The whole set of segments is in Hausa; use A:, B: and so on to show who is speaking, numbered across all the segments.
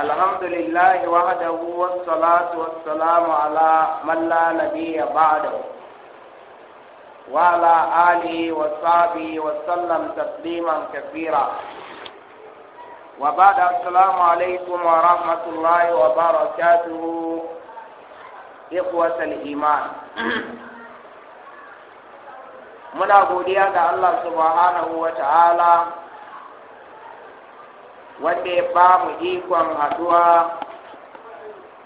A: الحمد لله وحده والصلاة والسلام على من لا نبي بعده وعلى آله وصحبه وسلم تسليما كثيرا وبعد السلام عليكم ورحمة الله وبركاته إخوة الإيمان muna godiya ga Allah subhanahu wa ta'ala wanda ya ba mu ikon haduwa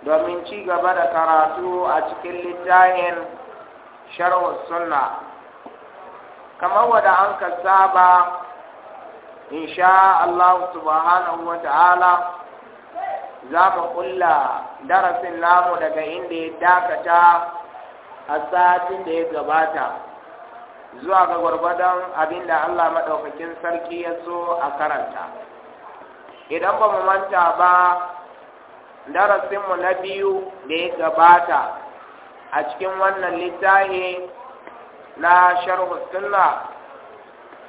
A: domin ci gaba da karatu a cikin littafin sharhu sunna kamar wadda an ka saba insha Allah subhanahu wa ta'ala za mu kulla darasin namu daga inda ya dakata a satin da ya gabata zuwa ga gwargwadon abinda Allah maɗaukakin sarki ya so a karanta idan ba mu manta ba darasinmu na biyu da ya gabata a cikin wannan littafi na sharhu sunna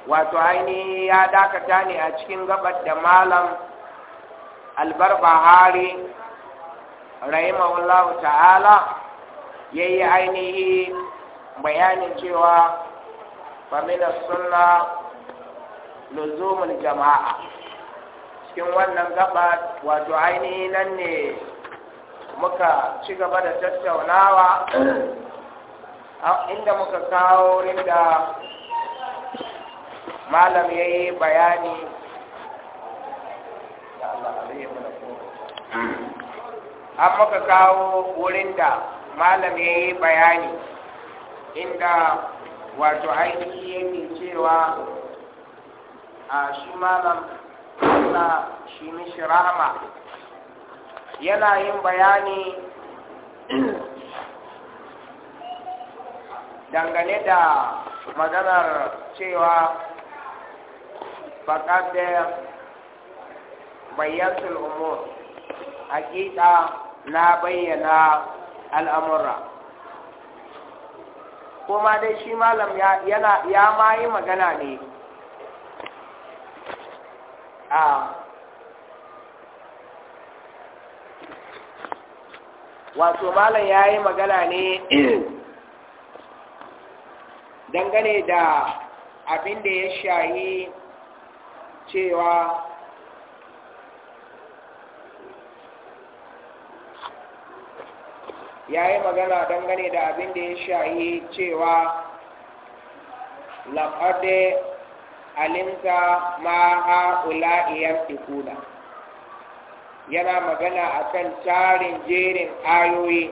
A: wato ainihi ya dakata ne a cikin gabar da malam albarbahari rahimahullahu ta'ala ya yi ainihi bayanin cewa famina sunna luzumul jama'a cikin wannan gaba wato ainihi nan ne muka ci gaba da tattaunawa inda muka kawo inda malam ya yi bayani an muka kawo wurin da malam ya yi bayani inda wato ainihi yake cewa a shi malam Allah shi mishi rahama yana yin bayani dangane da maganar cewa bakar da bayyantul umur hakika na bayyana al'amura kuma dai shi malam ya ma yi magana ne Ah. wato malam ya yi magana ne dangane da abin da ya shayi cewa ya yi magana dangane da abin da ya shayi cewa laƙaɗe alimta ma ha'ula tikuna yana magana akan tarin jerin ayoyi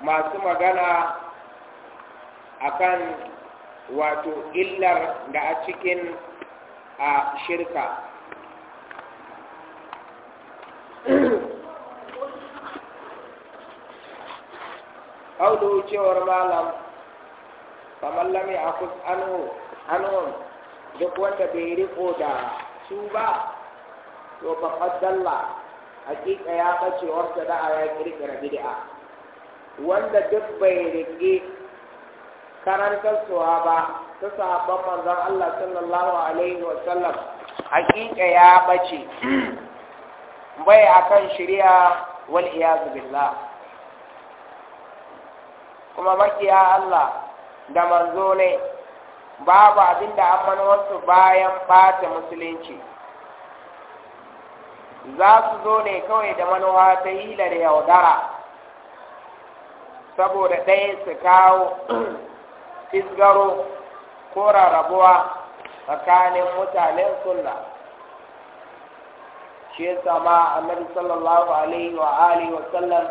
A: masu magana akan wato illar da a cikin a shirka audu cewar malam faman lam ya'khud anhu duk wanda bai riko da su ba to faqad dalla hakika ya bace wata da ya kirkira bid'a wanda duk bai rike karantarsuwa ba ta sahabban manzon Allah sallallahu alaihi wa sallam hakika ya bace bai akan shari'a wal iyaz billah kuma makiya Allah da manzo ne babu abin da an wasu bayan ɓata musulunci za su zo ne kawai da manuwa ta hila da yaudara saboda ɗaya su kawo fisgaro ko rarrabuwa tsakanin mutanen sunna shi yasa ma annabi sallallahu alaihi wa alihi wa sallam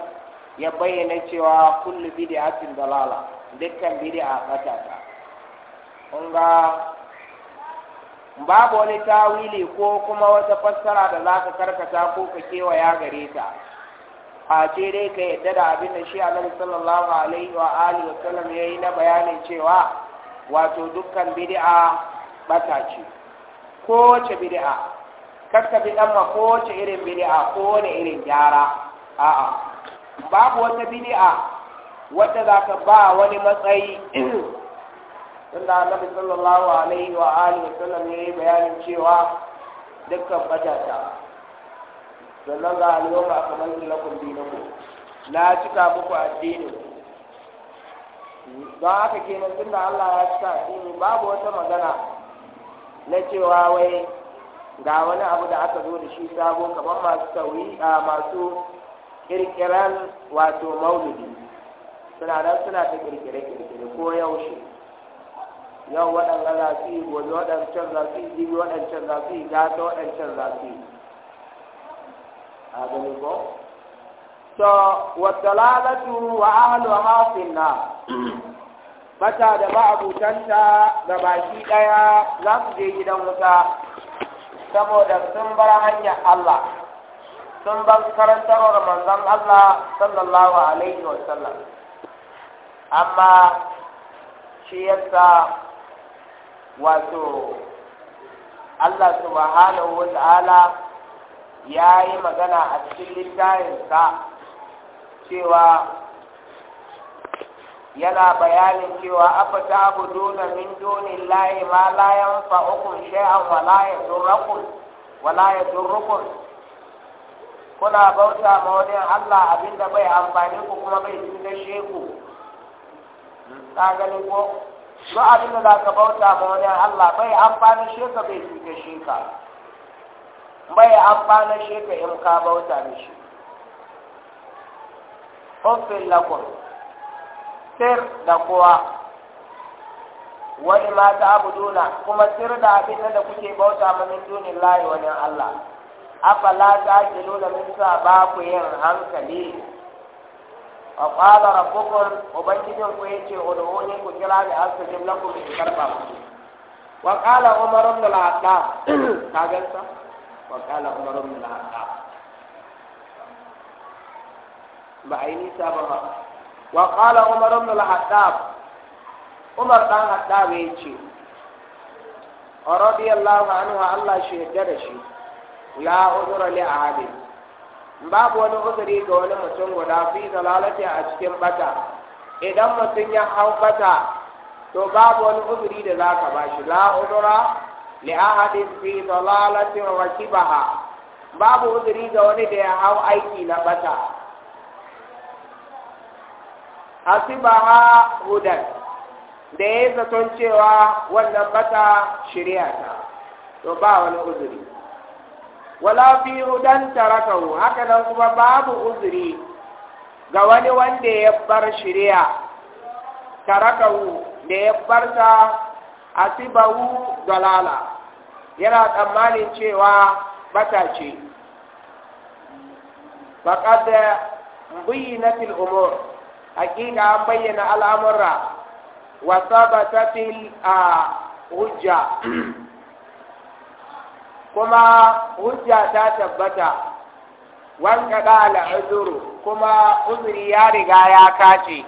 A: ya bayyana cewa kullu bid'atin dalala dukkan bid'a bata ta kun ga babu wani tawili ko kuma wata fassara da za ka karkata ko ka kewaya gare ta a ce dai ka yadda da abin da shi annabi sallallahu alaihi wa alihi wa sallam yayi na bayanin cewa wato dukkan bid'a bata ce wace bid'a kakka bi amma ma wace irin bid'a ko wani irin gyara a'a babu wata bid'a wadda za ka ba wani matsayi suna nabi sallallahu alaihi wa alihi wa sallam ya yi bayanin cewa dukkan fatata sannan ga al'umma a kamar lakon dinakum na cika muku addinin don haka kenan tunda Allah ya cika addini babu wata magana na cewa wai ga wani abu da aka zo da shi sabo kamar masu tauri a masu kirkiran wato maulidi suna da suna ta kirkire-kirkire ko yaushe yau waɗanda za su yi gobe waɗancan za su yi jibi waɗancan za su yi gata waɗancan za su yi a gani ko to lalatu wa ahlu hafin na bata da ba abutanta ga baki ɗaya za su je gidan wuta saboda sun bar hanyar Allah sun bar karantarwar manzon Allah sallallahu alaihi wa sallam amma shi yasa wato Allah subhanahu wa ta'ala ya yi magana a cikin littafinsa cewa yana bayanin cewa afa ta abu duna min dunin layi ma layan fa'ukun sha'an wa layan durrakun wa layan kuna bauta ma wani Allah abinda bai amfani ku kuma bai cikin sheku ka gani ko su abin da za ka bauta ma wani Allah bai amfani shi ka bai cuta shi ka bai amfani shi ka in ka bauta mishi ofin lakon sir da kowa wani ma ta abu abuduna kuma sir da abin da kuke bauta ma min dunin layi wani Allah afala ta ke nuna min sa ba ku yin hankali wa qala rabbukum ubangijin ku yace ud'uni ku kira ni astajib lakum in karba ku wa qala umar ibn al-khattab ka gansa wa qala umar ibn al-khattab ba aini sababa wa qala umar ibn al-khattab umar dan khattab yace radiyallahu anhu Allah shi yadda da shi la udura li ahadin babu wani uzuri ga wani mutum guda fi zalalati a cikin bata idan mutum ya hau bata to babu wani uzuri da za ka bashi la udura li ahadin fi zalalati wa kibaha babu uzuri ga wani da ya hau aiki na bata asibaha hudan da ya zaton cewa wannan bata shirya ta to ba wani uzuri wala fi hudan tarakahu haka nan kuma babu uzuri ga wani wanda ya bar shari'a tarakahu da ya bar ta asibahu dalala yana tsammanin cewa bata ce faqad bayyinat al-umur hakika an bayyana al'amura wa thabatat a ah, hujja kuma hujja ta tabbata wanka da uzuru kuma uzuri ya riga ya kace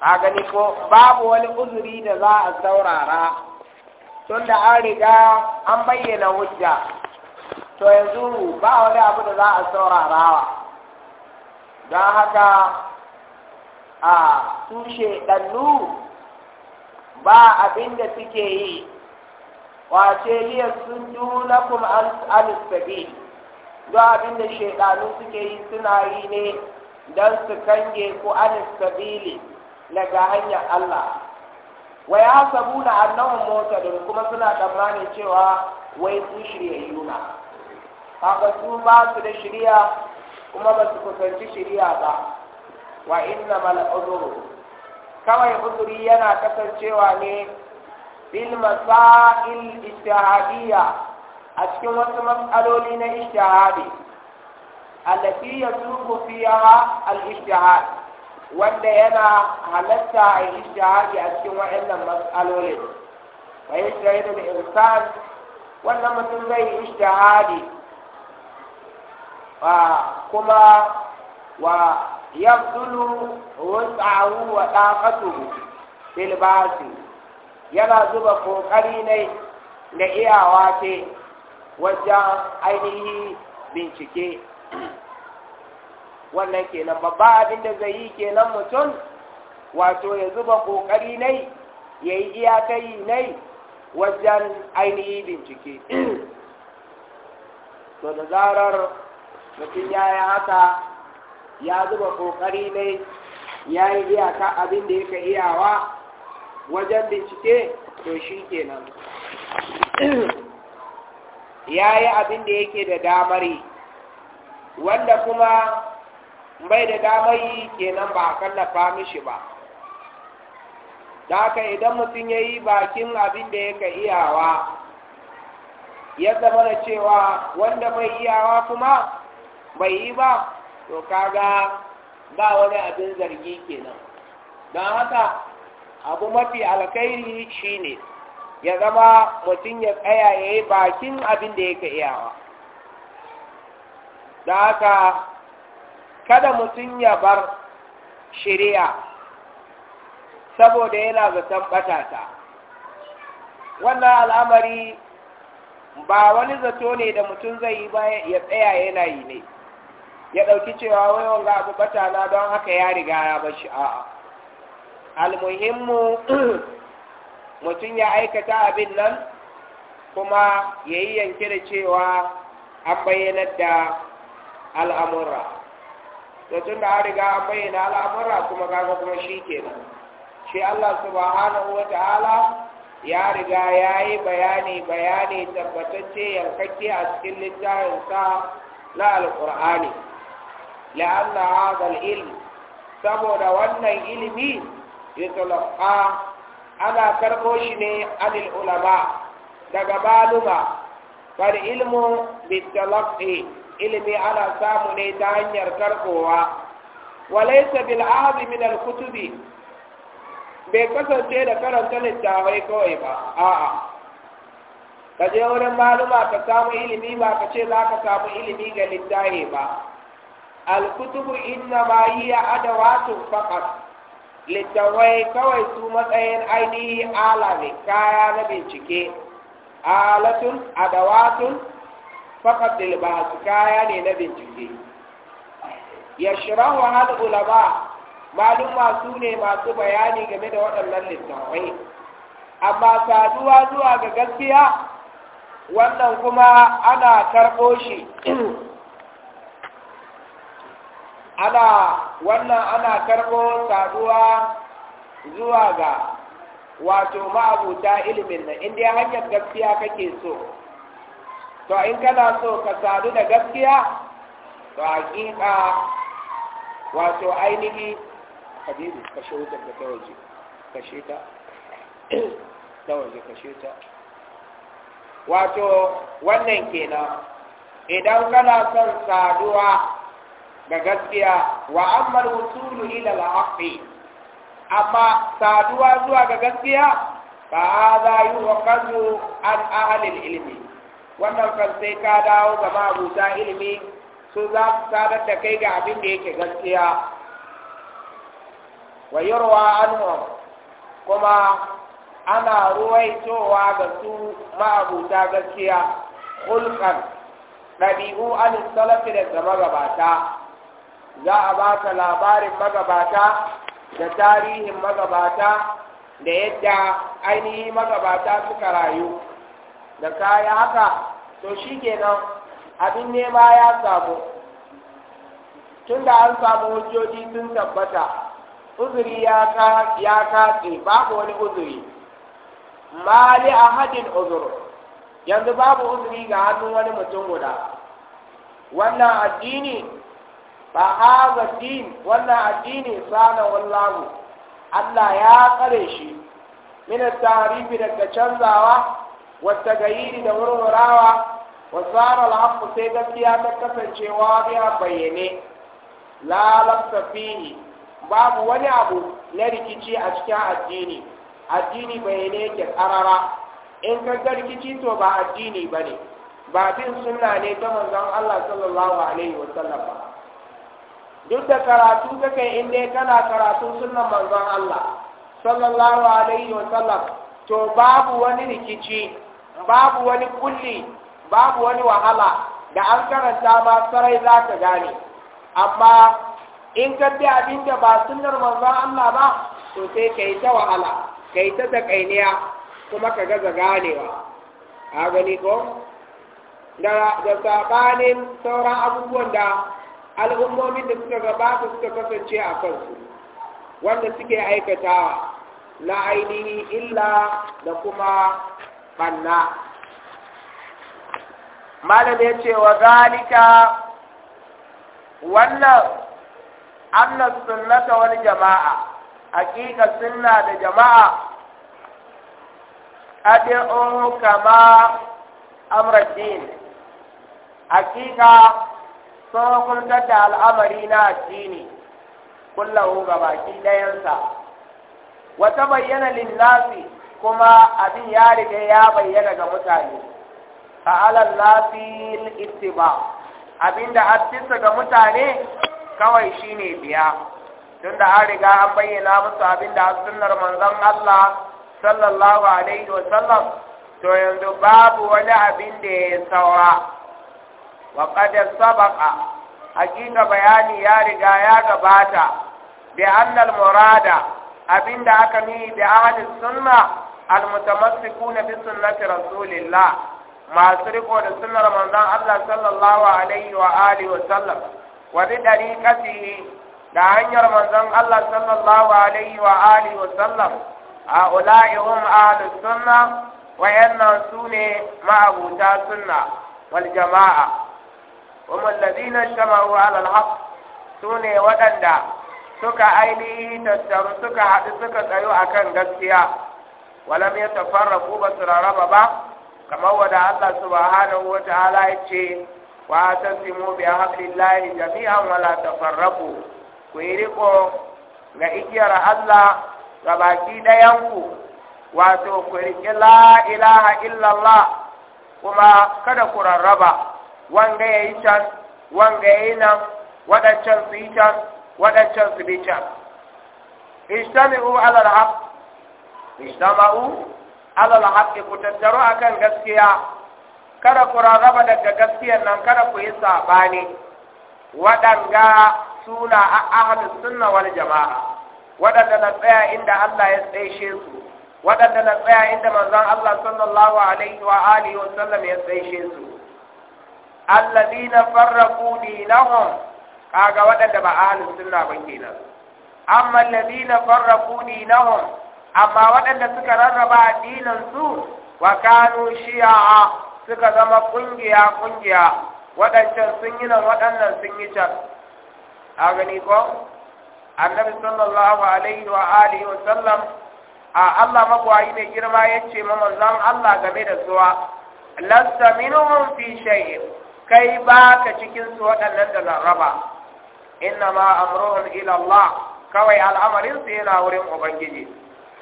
A: a gani ko babu wani uzuri da za a saurara tun da an riga an bayyana hujja to yanzu ba wani abu da za a saurarawa don haka a tushe ɗannu ba abinda suke yi wace liya sun kuma alisabi don abin da shaidanu suke yi suna yi ne don su kange ku alisabili daga hanyar Allah wai ya sabu na annawan mota da kuma suna tsammanin cewa wai su shiryayyu na haka su ba su da shirya kuma ba su kusanci shirya ba wa inna mal kawai uzuri yana kasancewa ne بالمسائل الاجتهادية أشكو وانت مسألو لنا اجتهادي التي يسوق فيها الاجتهاد وانت هنا هلتا اجتهادي أشكو وانت مسألو لنا ويجتهد الإنسان وانت مسألو اجتهادي وكما ويبذل وسعه وطاقته في الباسي yana zuba kokari ne da iyawa ce wajen ainihi bincike wannan kenan babba abin da zai yi kenan mutum wato ya zuba kokari ne ya yi iyakai ne wajen ainihi bincike to da zarar mutum ya yi haka ya zuba kokari ne ya yi iyaka abin da yake iyawa wajen bincike to shi kenan ya yi abin da yake da damari wanda kuma bai da damari kenan ba a kallafa mishi ba da idan mutum ya yi bakin abin da ya ka iyawa ya zama da cewa wanda bai iyawa kuma bai yi ba to kaga ba wani abin zargi kenan don haka abu mafi alkhairi shine ya zama mutum ya tsaya ya yi bakin abin da yake iyawa da haka kada mutum ya bar shirya saboda yana zaton batata wannan al'amari ba wani zato ne da mutum zai yi ba ya tsaya yana yi ne ya ɗauki cewa wai wanga abu don haka ya riga ya bashi a'a almuhimmu mutum ya aikata abin nan kuma ya yi yanke da cewa an bayyanar da al'amurra da tun da an riga an bayyana al'amurra kuma kaga kuma shi nan. shi Allah subhanahu wa ta'ala ya riga ya yi bayani bayani tabbatacce yankakke a cikin littafinsa na alƙur'ani la'anna hadha al-ilm saboda wannan ilimi يتلقى ana karɓo shi ne anil ulama daga maluma fal ilmu bitalaqi ilmi ana samu ne ta hanyar karɓowa walaysa bil ahdi min al kutubi bai kasance da karanta littafai kawai ba a'a ka je wurin maluma ka samu ilimi ba ka ce za ka samu ilimi ga littafi ba al kutubu inna ma hiya adawatun faqat littawai kawai su matsayin ainihi ala ne kaya na bincike alatun adawatun ba su kaya ne na bincike ya shirahu hal ulama malum masu ne masu bayani game da waɗannan littawai amma saduwa zuwa ga gaskiya wannan kuma ana karɓo shi ana wannan ana karɓo saduwa zuwa ga wato ma'abuta ilimin nan in dai hanyar gaskiya kake so to in kana so ka sadu da gaskiya to hakika wato ainihi habibu kashe wutar da ta waje kashe ta ta kashe ta wato wannan kenan idan kana son saduwa da gaskiya wa amma wusulu ila al-haqqi amma saduwa zuwa ga gaskiya fa hadha yuqadu an ahli ilimi, wannan kan sai ka dawo ga mabuta ilimi su za su sadar da kai ga abin da yake gaskiya wa yurwa anhum kuma ana ruwaitowa ga su mabuta gaskiya hulkan ɗabi'u an salafi da zama gabata za a baka labarin magabata da tarihin magabata da yadda ainihi magabata suka rayu da kaya haka to shi kenan abin nema ya samu tun da an samu hujjoji sun tabbata uzuri ya katse babu wani uzuri ma a hadin uzur yanzu babu uzuri ga hannun wani mutum guda wannan addini fa hadha din wannan addini sana wallahu Allah ya kare shi min tarifi daga canzawa wa tagayiri da wurwurawa wa sara al sai gaskiya ta kasancewa biya bayyane la lafsa babu wani abu na rikici a cikin addini addini bai ke karara in ka ga rikici to ba addini bane ne ba bin sunna ne ta manzon Allah sallallahu alaihi wasallam ba duk da karatu kake in dai kana karatu sunnan manzon Allah sallallahu alaihi wa sallam to babu wani rikici babu wani kulli babu wani wahala da an karanta ma sarai za ka gane amma in ka bi abin da ba sunnar manzon Allah ba to sai ka ta wahala kai yi ta kainiya kuma ka gaza ganewa a gani ko da sabanin sauran abubuwan da al'ummomin da suka gabata suka kasance a kansu wanda suke aikata na ainihi illa da kuma banna malam ya ce wa zalika wannan annan sunnata wani jama'a hakika sunna da jama'a adi'u kama amradin hakika sun hukuntar da al'amari na addini kullahu ga baki ɗayansa wata bayyana linnasi kuma abin ya riga ya bayyana ga mutane ta'alan nasil ittiba abinda artista ga mutane kawai shine biya tunda an riga an bayyana musu abin abinda sunnar manzon Allah sallallahu alaihi wa sallam to yanzu babu wani abin da ya saura wa qadar sabaqa hakika bayani ya riga ya gabata bi annal murada abinda aka ni bi ahli sunna al mutamassikuna bi sunnati rasulillah masu riko da sunnar manzon Allah sallallahu alaihi wa wa sallam wa bi dariqatihi da hanyar manzon Allah sallallahu alaihi wa wa sallam a ula'ihum ahli sune ma'abuta sunna wal kuma ladina shamaru ala su sune waɗanda suka ainihi tattaru suka haɗu suka tsayo akan gaskiya walam yatafarraqu ba su rarraba ba kamar wadda Allah subhanahu wata ta'ala ya ce wa tasimu bi hablillahi jami'an wala la tafarraqu ku yi riko ga igiyar Allah ga baki ɗayanku wato ku riƙi la illallah kuma kada ku rarraba wanga ya yi can wanga ya yi nan waɗancan su yi can waɗancan su bi can ishtami'u ala al-haq ishtama'u ala al-haq ku tattaro akan gaskiya kada ku rarraba daga gaskiyar nan kada ku yi sabani waɗanga suna ahlus sunna wal jama'a waɗanda na tsaya inda Allah ya tsaishe su waɗanda na tsaya inda manzon Allah sallallahu alaihi wa alihi wa sallam ya tsaishe su na farra alladina farraqu dinahum kaga waɗanda ba ahlus sunna ba kenan amma alladina na hon, amma waɗanda suka rarraba addinin su wa kanu shi'a suka zama kungiya kungiya waɗancan sun yi nan waɗannan sun yi can a gani ko annabi sallallahu alaihi wa alihi wa sallam a Allah magwayi mai girma yace ma manzon Allah game da zuwa lasta minhum fi shay'in kai ba ka cikinsu waɗannan da laraba inna ma amruhum ila Allah kawai al'amarinsu yana wurin Ubangiji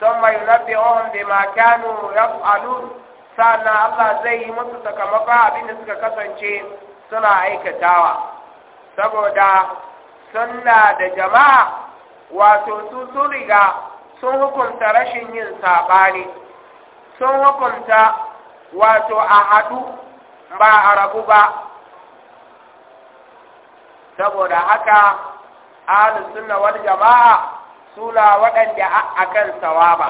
A: sun mai nabi ohun da ma kyanu yaf'alun sannan Allah zai yi musu sakamako abinda suka kasance suna aikatawa saboda sunna da jama'a wato su sun riga sun hukunta rashin yin saɓani sun hukunta wato a haɗu ba a rabu ba saboda haka ahlus sunna wal jama'a suna waɗanda akan sawaba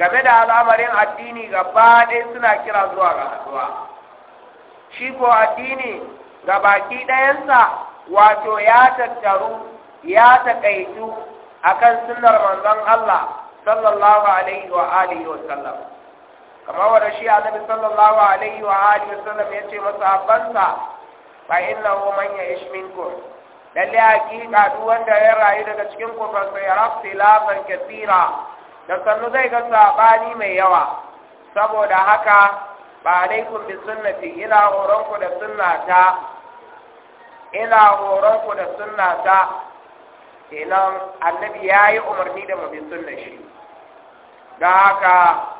A: game da al'amarin addini gaba ɗaya suna kira zuwa ga haɗuwa shi ko addini ga baki ɗayansa wato ya tattaru ya taƙaitu akan sunnar manzon Allah sallallahu alaihi wa alihi wa sallam kamar wanda shi annabi sallallahu alaihi wa alihi wasallam ya ce masahabbansa fa innahu man ya'ish minkum lalle hakika duk wanda ya rayu daga cikin ku fa sayara tilafan kathira da sannu zai ga sabani mai yawa saboda haka ba alaikum bi sunnati ina horonku da sunnata ina horonku da sunnata kenan annabi yayi umarni da mu bi shi da haka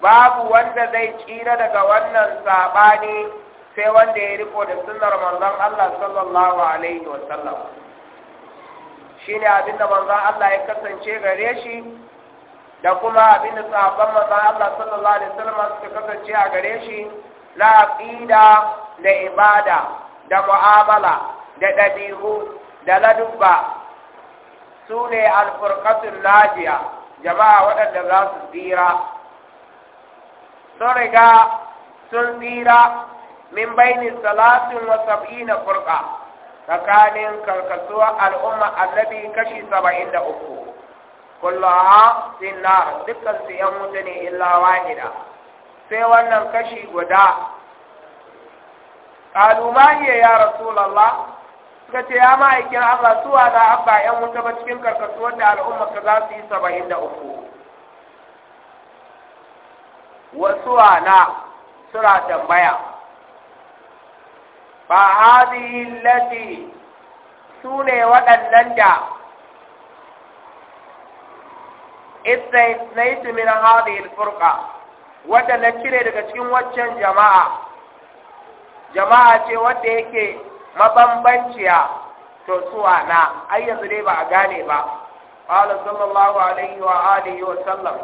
A: babu wanda zai tsira daga wannan sabani sai wanda ya riko da sunnar manzon Allah sallallahu alaihi wa sallam shine da manzon Allah ya kasance gare shi da kuma da sahabban manzon Allah sallallahu alaihi wa sallam suka kasance a gare shi na aqida da ibada da mu'amala da dabi'u da ladubba sune al-furqatul najiya jama'a waɗanda za su tsira sun riga sun tsira min baini salatin wa sab'ina furqa tsakanin karkasuwar al'umma annabi kashi saba'in da uku kullaha sinna dukkan su yan wuta ne illa wahida sai wannan kashi guda kalumaniya ya rasulallah suka ce ya ma'aikin allah suwa da abba yan wuta ba cikin karkasuwar da al'umma ka za su yi saba'in da uku wasu ana sura tambaya ba hadihi lati su ne waɗannan da isnaitu min hadihi furqa wadda na daga cikin waccan jama'a jama'a ce wanda yake mabambanciya to su ana ai yanzu dai ba a gane ba قال صلى wa عليه wa وسلم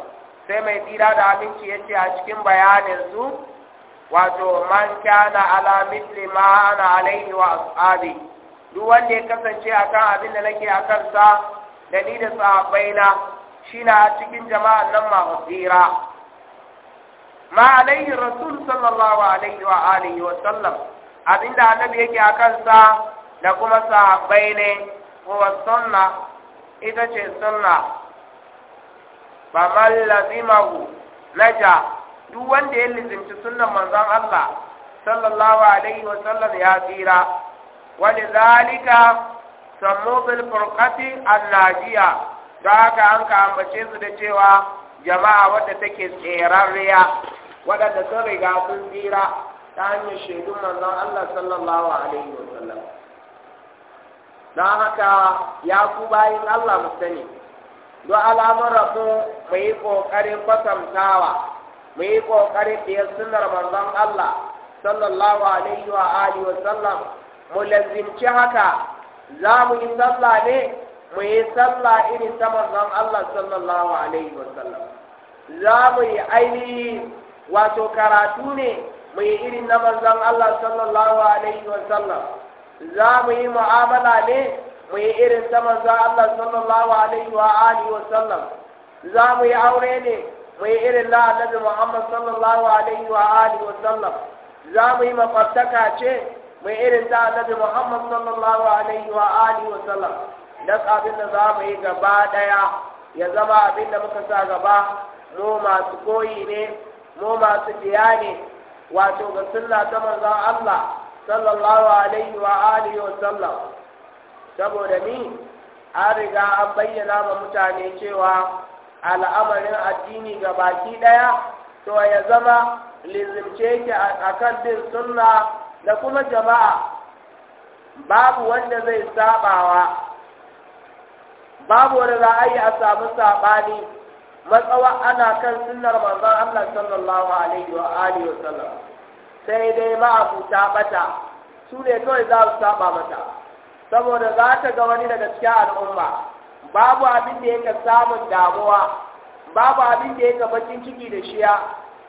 A: sai mai tsira da aminci ya ce a cikin bayaninsu wato man kana ala misli ma ana alaihi wa ashabi duk wanda ya kasance akan abin da nake a kansa da ni da sahabbaina shi na cikin jama'an nan ma tsira ma alaihi rasul sallallahu alaihi wa alihi wa sallam abin da annabi yake a kansa da kuma sahabbai ne ko sunna ita ce sunna faman lazimahu naja duk wanda ya lizimci sunnan manzon Allah sallallahu alaihi wa sallam ya tsira wani zalika sammu bil furqati annajiya da haka an ka ambace su da cewa jama'a wadda take tserarriya waɗanda sun riga sun tsira ta hanyar shaidun manzon Allah sallallahu alaihi wa sallam don haka ya ku bayan Allah mu sani don al'amuran mu mu yi ƙoƙarin kwatantawa mu yi ƙoƙarin ɗiyar sunar manzon Allah sallallahu alaihi wa alihi wa sallam mu lazimci haka za mu yi sallah ne mu yi sallah irin ta manzon Allah sallallahu alaihi wa sallam za mu yi ainihi wato karatu ne mu yi irin na manzon Allah sallallahu alaihi wa sallam za mu yi mu'amala ne mu yi irin ta manzo Allah sallallahu alaihi wa alihi wa sallam za mu yi aure ne mu yi irin la annabi Muhammad sallallahu alaihi wa alihi wa sallam za mu yi mafartaka ce mu yi irin ta annabi Muhammad sallallahu alaihi wa alihi wa sallam da abin da za mu yi gaba daya ya zama abin da muka sa gaba mu masu koyi ne mu masu biya ne wato ga sunna ta manzon Allah sallallahu alaihi wa alihi wa sallam saboda ni an riga an bayyana ma mutane cewa al'amarin addini ga baki ɗaya to ya zama lizimce ki a kan bin sunna da kuma jama'a babu wanda zai sabawa babu wanda za a yi a samu saɓani matsawa ana kan sunnar manzon Allah sallallahu alaihi wa alihi wa sallam sai dai ma abu ta bata su ne kawai za su saba mata saboda za ta ga wani daga cikin al'umma babu abin da yake samun damuwa babu abin da yake bakin ciki da shiya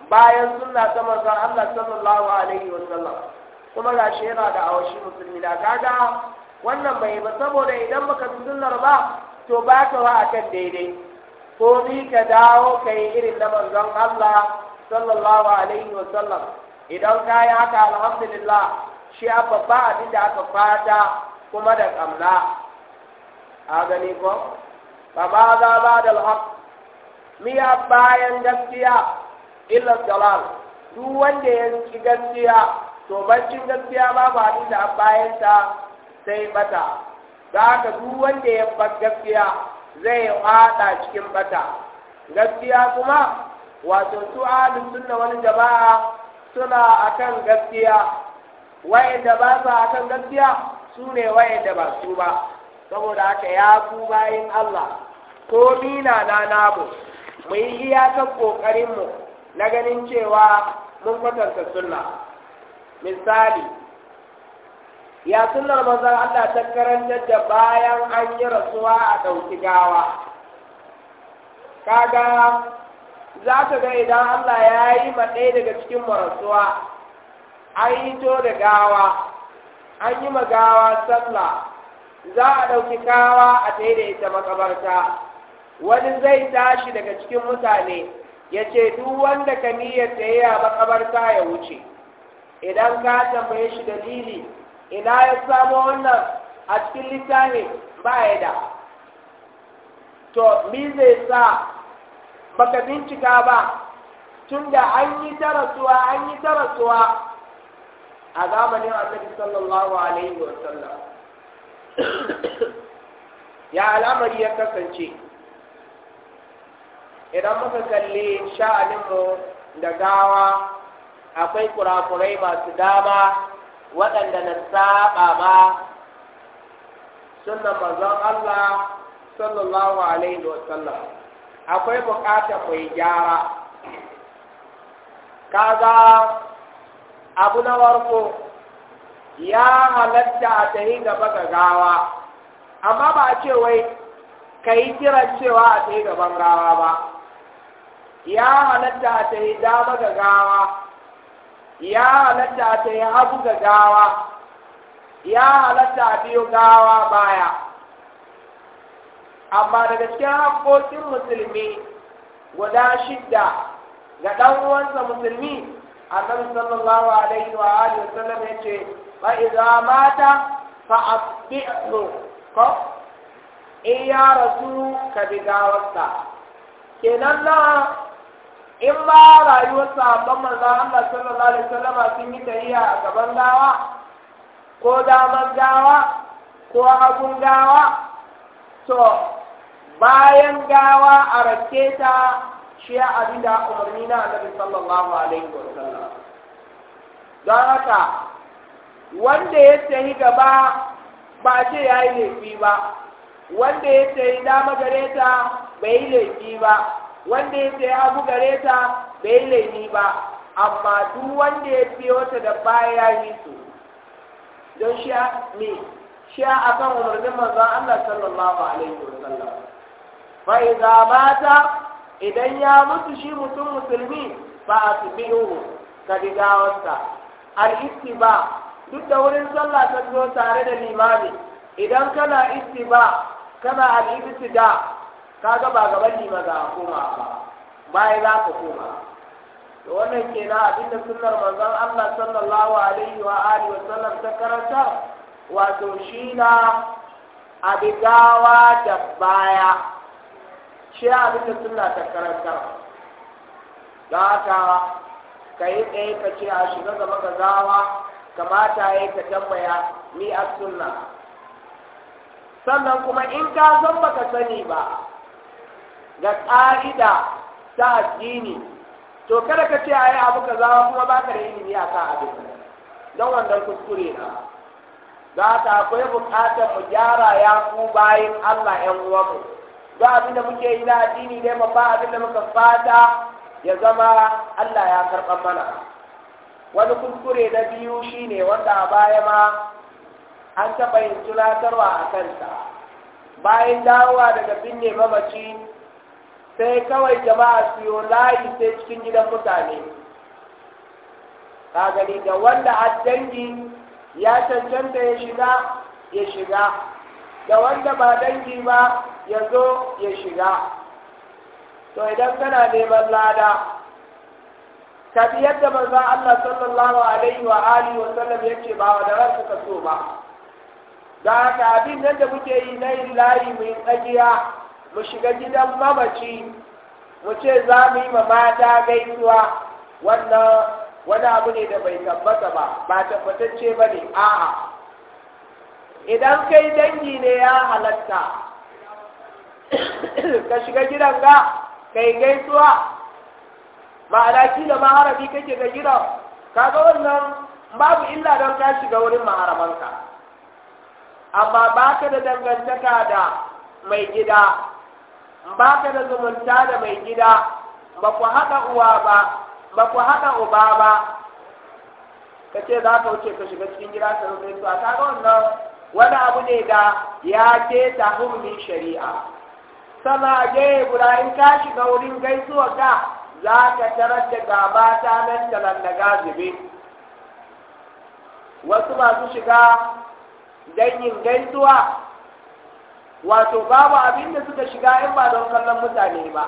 A: bayan sunna ta manzon Allah sallallahu alaihi sallam kuma yana da awashi musulmi da kaga wannan bai ba saboda idan baka bi sunnar ba to ba ka wa akan daidai ko bi ka dawo kai irin na manzon Allah sallallahu alaihi sallam idan ka yi haka alhamdulillah shi babba abin da aka fata kuma da ƙamna a gani ko ba ma za ba da alhaq miya bayan gaskiya illa dalal duk wanda ya ci gaskiya to gaskiya ba ba da bayan ta sai bata za ka duk wanda ya ba gaskiya zai fada cikin bata gaskiya kuma wato su da sunna wani jama'a suna akan gaskiya da ba su akan gaskiya su ne da ba su ba saboda haka ya ku bayin Allah ko mina na namu mu yi kokarin mu na ganin cewa mun kwatanta sunna misali ya sunnar manzon Allah ta karantar da bayan an yi rasuwa a ɗauki gawa kaga za ka ga idan Allah ya yi ma daga cikin rasuwa an yi to da gawa an yi magawa sallah za a ɗauki kawa a daidaita makabarta wani zai tashi daga cikin mutane ya ce duk wanda ka niyyar ta yi a makabarta ya wuce idan ka tambaye shi dalili ina ya samo wannan a cikin littafi ba ya da to mi zai sa baka bincika ba tunda an yi tarasuwa an yi ta rasuwa a zamanin annabi sallallahu alaihi wa sallam ya al'amari ya kasance idan muka kalli sha'aninmu da gawa akwai kurakurai masu dama waɗanda na saba ba sunan mazan Allah sallallahu alaihi wa sallam akwai buƙatar mai gyara kaga abu na warko ya halatta a yi gaba ga gawa amma ba a ce wai ka yi kiran cewa a yi gaban gawa ba ya halatta a yi dama ga gawa ya halatta a yi hagu ga gawa ya halatta a biyo gawa baya amma daga cikin hankokin musulmi guda shidda ga ɗan uwansa musulmi annan sallallahu alaihi wa alihi wa sallam ce fa idza mata fa asbihu ko in ya rasu ka bi gawarsa kenan na in ba rayuwar sahabban manzo Allah sallallahu alaihi sallam sun yi tariya a gaban gawa ko daman gawa ko hagun gawa to bayan gawa a rake ta shi ya abin da umarni na annabi sallallahu alaihi wa sallam don haka wanda ya sayi gaba ba ce ya yi laifi ba wanda ya sayi dama gare ta bai yi laifi ba wanda ya sayi abu gare ta bai yi laifi ba amma duk wanda ya biyo wata da baya yi su don shi ne shi akan umarnin manzon Allah sallallahu alaihi wa sallam fa ba mata idan ya mutu shi mutum musulmi ba a tubihu ga gigawarsa al duk da wurin sallah ta zo tare da limami idan kana istiba kana al-ibtida kaga ba gaban lima a koma ba bai za ka koma Da wannan kenan abinda sunnar manzon Allah sallallahu alaihi wa alihi wa sallam ta karantar wato shi na abigawa da baya shi abin da suna ta karanta za ta ka yi tsaye ka ce a shiga gaba ka kamata ya ka tambaya ni a suna sannan kuma in ka zan baka sani ba ga ƙa'ida ta addini to kada ka ce a yi abu ka zawa kuma ba ka da ilimi a kan abin don wannan kuskure na za ta akwai buƙatar mu gyara ya ku bayan allah 'yan uwanmu Ba abinda muke yi na addini ne ba abinda muka fata ya zama Allah ya karɓar mana wani kuskure na biyu shine wanda a baya ma an taɓa yin tunatarwa a kansa bayan dawowa daga binne mamaci sai kawai jama'a siyo layi sai cikin gidan mutane ka gani ga wanda a dangi ya cancanta ya shiga ya shiga da wanda ba dangi ba ya zo ya shiga to idan kana neman lada ka fi yadda manzo Allah sallallahu alaihi wa alihi wa sallam yace ba wa da ranka ka so ba da haka abin nan da muke yi na layi mu yi tsakiya mu shiga gidan mamaci mu ce za mu yi ma mata gaisuwa wannan wani abu ne da bai tabbata ba ba tabbatacce ba ne a'a idan kai dangi ne ya halatta ka shiga gidan ga kai gaisuwa ma'ana da maharabi kake ga gidan kaga wannan babu illa don ka shiga wurin maharabanka amma baka da dangantaka da mai gida baka da zumunta da mai gida ba ku haɗa uwa ba ba ku haɗa uba ba ka ce za ka wuce ka shiga cikin gida ka rufe su a kaga wannan wani abu ne da ya ke ta hurumin shari'a sama ge guda in ka shiga wurin gaisuwa ga za ka tarar da gaba ta nan da lallaga zube wasu masu shiga don yin gaisuwa wato babu abin da suka shiga in ba don kallon mutane ba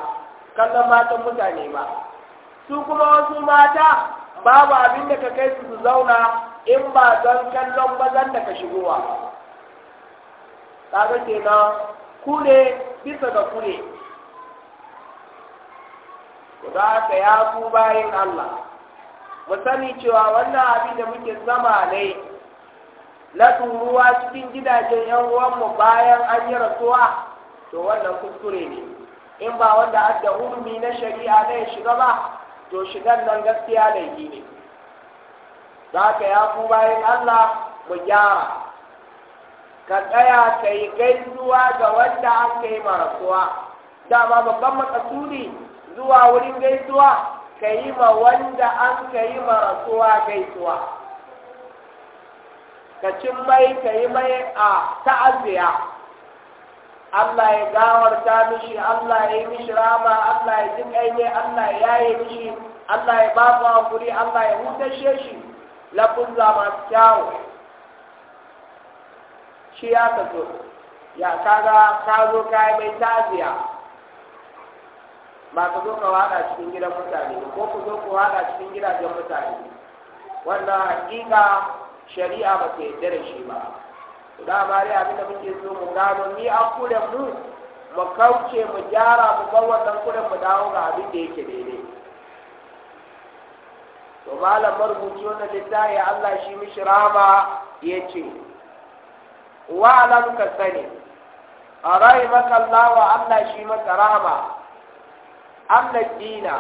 A: kallon matan mutane ba su kuma wasu mata babu abin da ka kai su su zauna in ba don kallon bazan da ka shigowa kaga kenan ku ne bisa ga ku ne za ka ya ku bayan Allah mu sani cewa wannan abin da muke zama ne na turuwa cikin gidajen yan uwanmu bayan an yi rasuwa to wannan kuskure ne in ba wanda adda hurumi na shari'a ne shiga ba to shigan nan gaskiya laifi ne za ka ya ku bayan Allah mu gyara ka tsaya ka yi gaisuwa ga wanda an ka yi marasuwa dama babban makasuri zuwa wurin gaisuwa ka yi ma wanda an ka yi marasuwa gaisuwa ka cin mai ka yi mai a ta'aziya Allah ya ta mishi Allah ya yi mishi rama Allah ya ji ne Allah ya yi mishi Allah ya ba ku hakuri Allah ya hutashe shi lafin masu kyawu shi ya kaso ya kaga ka zo ka yi mai taziya ba ka zo ka wada cikin gidan mutane ko ku zo ku wada cikin gidajen mutane wannan hakika shari'a ba ta yarda da shi ba da ma dai abinda muke so mu gano ni a kudin mu mu kauce mu gyara mu bar wannan kudin mu dawo ga abin da yake daidai to malam marubuci wannan littafi Allah shi mishi rama ya ce wa alam ka sani rahimaka Allah wa Allah shi maka rahama Allah dina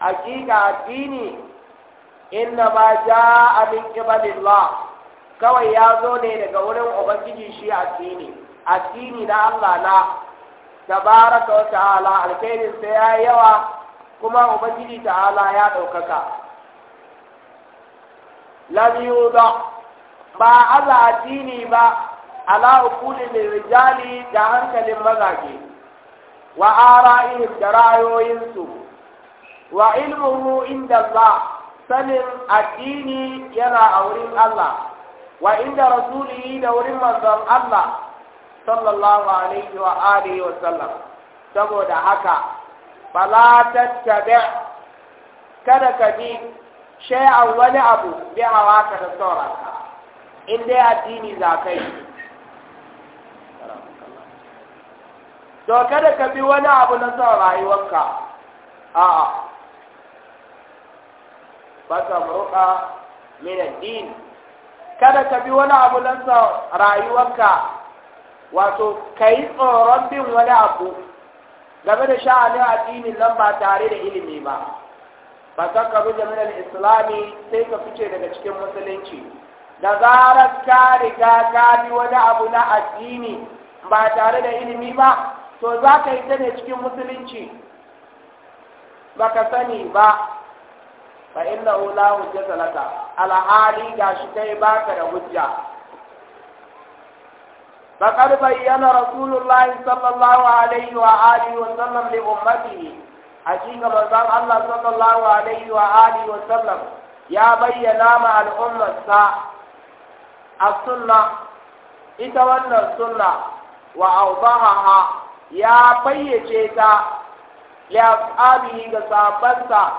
A: hakika addini inna ma jaa min qibalillah kawai ya zo ne daga wurin ubangiji shi addini addini na Allah na tabaraka wa ta'ala alkhairin sai ya yawa kuma ubangiji ta'ala ya ɗaukaka lam yuda ba aza addini ba ala uqulil rijali da hankalin mazaje wa ara'ihim da ra'ayoyinsu. wa ilmuhu inda Allah sanin addini yana a wurin Allah wa inda rasulihi da wurin manzon Allah sallallahu alaihi wa alihi wa sallam saboda haka fala tattabi kada ka bi shay'an wani abu bi hawa ka da sauranka in dai addini za ka yi to kada ka bi wani abu na son rayuwarka a'a baka murqa min ad-din kada ka bi wani abu na son rayuwarka wato kai tsoron bin wani abu game da sha'anin addini nan ba tare da ilimi ba ba ka karu da minal islami sai ka fice daga cikin musulunci da zarar ka riga ka bi wani abu na addini ba tare da ilimi ba to za ka yi ta ne cikin musulunci ba ka sani ba fa inna la hujjata laka alhali gashi kai baka da hujja faqad bayyana rasulullah sallallahu alaihi wa alihi wa sallam li ummatihi hakika manzon Allah sallallahu alaihi wa alihi wa sallam ya bayyana ma al'ummarsa as-sunna ita wannan sunna wa awdahaha ya fayyace ta ya tsabihi ga sabansa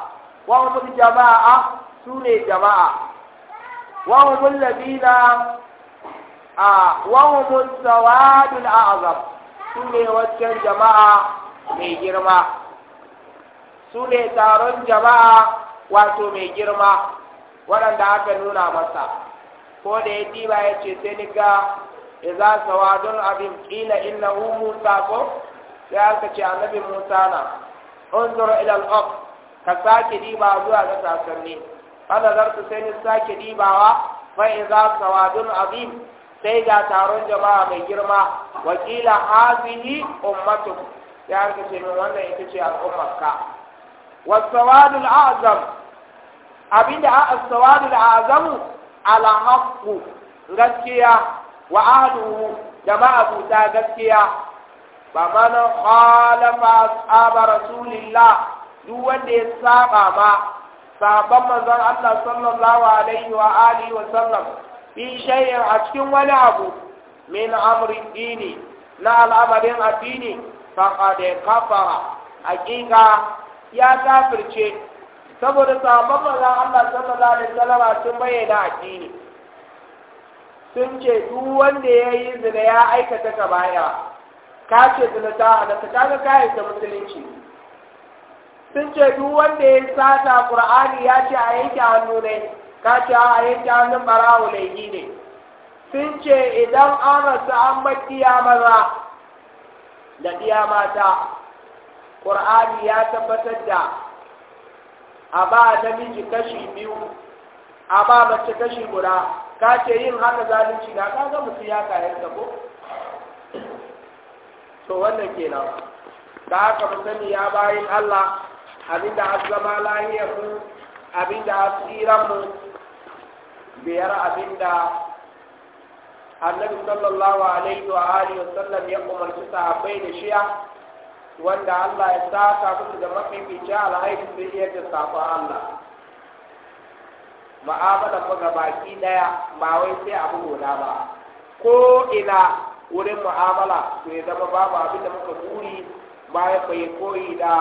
A: wa hum jama'a sune jama'a wa hum a wa hum sawadul a'zam sune waccan jama'a mai girma sune taron jama'a wato mai girma waɗanda aka nuna masa ko da ya diba ya ce sai ni ga Iza sawadun abin qila innahu musa ko sai aka ce annabi musa na unzur ila al-aq ka sake diba zuwa ga sasanni ana zartu sai ni sake dibawa fa idza sawadun abin sai ga taron jama'a mai girma wakila hazihi ummatuk ya aka ce min wannan ita ce al'ummarka wasawadul azam abinda a sawadul azamu ala haqqu gaskiya wa ahluhu da ta gaskiya ba mana khalafa ashab rasulillah duk wanda ya saba ma Sabon manzon Allah sallallahu alaihi wa alihi wa sallam bi shay'in a cikin wani abu min amri dini na al'amarin addini faqad kafara hakika ya kafirce saboda sabon manzon Allah sallallahu alaihi wa sallam sun bayyana addini sun ce duk wanda ya yi zina ya aikata baya. ka ce zina ta halatta kaga ka yi ta musulunci sun ce duk wanda ya sata qur'ani ya ce a yanke hannu ne ka ce a yanke hannun barawo yi ne sun ce idan an rasu an bar diya maza da biya mata qur'ani ya tabbatar da a ba namiji kashi biyu a ba mace kashi guda ka ce yin haka zalunci da ka ga mutum ya ka ko to wannan kenan da aka mu sani ya bayin Allah abinda zama lahiyar mu abin abinda asiran mu biyar abin abinda annabi sallallahu alaihi wa alihi wa sallam ya umarci sahabbai da shiya wanda Allah ya saka musu da mafificin alhaifin sun iya da safa Allah mu'amalar mu baki daya ba wai sai abu guda ba ko ina wurin ma'amala to ya zama babu abin da muka buri bayan bai koyi da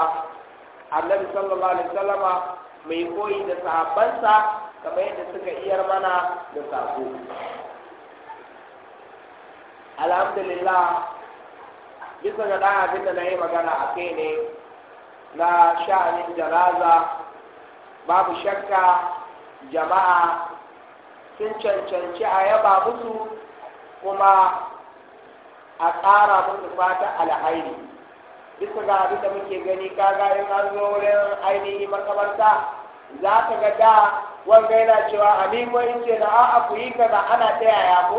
A: annabi sallallahu alaihi wasallama mai koyi da sahabbansa kamar yadda suka iyar mana da sako alhamdulillah bisa ga dan abin da na yi magana a kai ne na sha'anin janaza babu shakka jama'a sun cancanci a yaba musu kuma a tsara musu fata alhairi bisa ga abin da muke gani kaga in an zo wurin ainihin makamarta za ka ga da wanda yana cewa amin in ce da a'a ku yi kaza ana ta yaya ku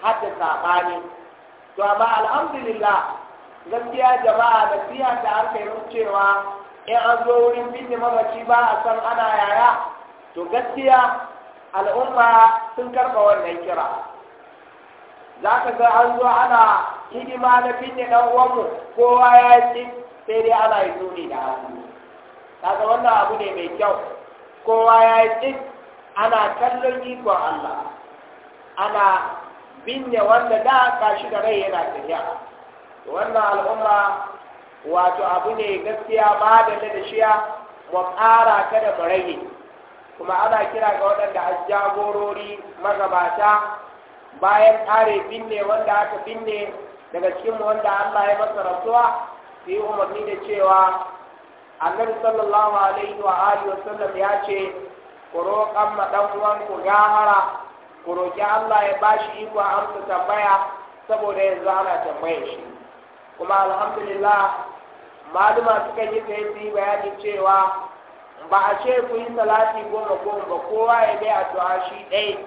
A: har da to amma alhamdulillah gaskiya jama'a nasiha da aka yi cewa in an zo wurin binne mamaci ba a san ana yaya to gaskiya al'umma sun karɓa wannan kira za ka ga an zo ana hidima na finne ɗan uwanmu kowa ya ci sai dai ana yi nuni da hannu kaga wannan abu ne mai kyau kowa ya ci ana kallon ikon Allah ana binne wanda da ka shi da rai yana tafiya wannan al'umma wato abu ne gaskiya ba da da shiya mu ƙara da mu rage kuma ana kira ga waɗanda a jagorori magabata bayan tare binne wanda aka binne daga cikin wanda Allah ya masa rasuwa su yi umarni da cewa annabi sallallahu alaihi wa alihi wa sallam ya ce ku roƙan ma ɗan uwanku gahara ku roƙi Allah ya bashi iko amsa tambaya saboda yanzu ana tambayar shi kuma alhamdulillah maluma suka yi ta yi bayani cewa ba a ce ku yi salati goma goma ba kowa ya dai tuwa shi ɗaya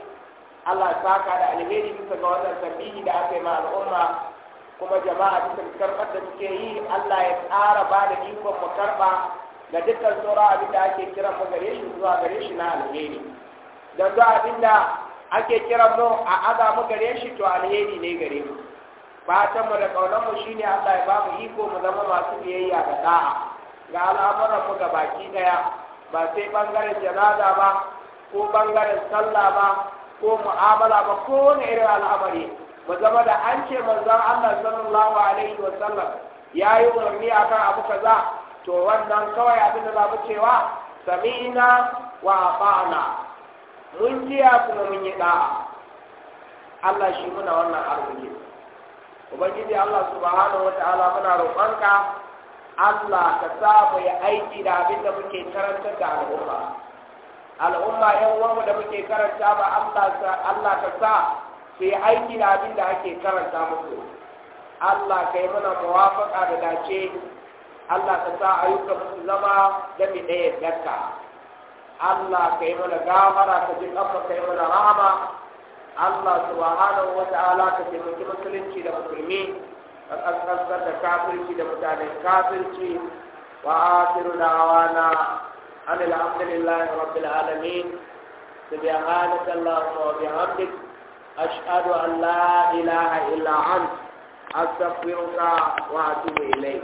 A: Allah ya ka da alheri bisa ga wannan sabihi da aka yi ma al'umma kuma jama'a bisa ga karɓar da suke yi Allah ya tsara, ba da ikon mu karɓa ga dukkan sauran abin da ake kiran mu gare shi zuwa gare shi na alheri da zuwa abin da ake kiran mu a aza mu gare shi to alheri ne gare mu fatan mu da kaunar mu shine Allah ya ba mu iko mu zama masu biyayya ga da'a ga al'amuran mu ga baki ɗaya. ba sai bangaren janaza ba ko bangaren sallah ba ko mu'amala ba ko wani irin al'amari ba zama da an ce manzon Allah sallallahu alaihi wa sallam ya yi umarni akan abu kaza to wannan kawai abin da za mu cewa sami'na wa ata'na mun jiya kuma mun yi da Allah shi muna wannan arziki ubangiji Allah subhanahu wa ta'ala muna roƙonka Allah ka sa ya aiki da abin da muke karanta da al'umma al'umma yan uwanmu da muke karanta ba Allah ka sa su yi aiki da abin da ake karanta muku. Allah ka yi mana muwafaka da dace Allah ka sa ayyuka musu zama da mu ɗaya yadda. Allah ka yi mana gafara ka ji ƙafa ka yi mana rahama Allah subhanahu wa ta'ala ka taimaki musulunci da musulmi ka kaskantar da kafirci da mutanen kafirci wa akhiru da'wana an alhamdulillahi rabbil alamin سبحانك اللهم وبحمدك أشهد أن لا إله إلا أنت أستغفرك وأتوب إليك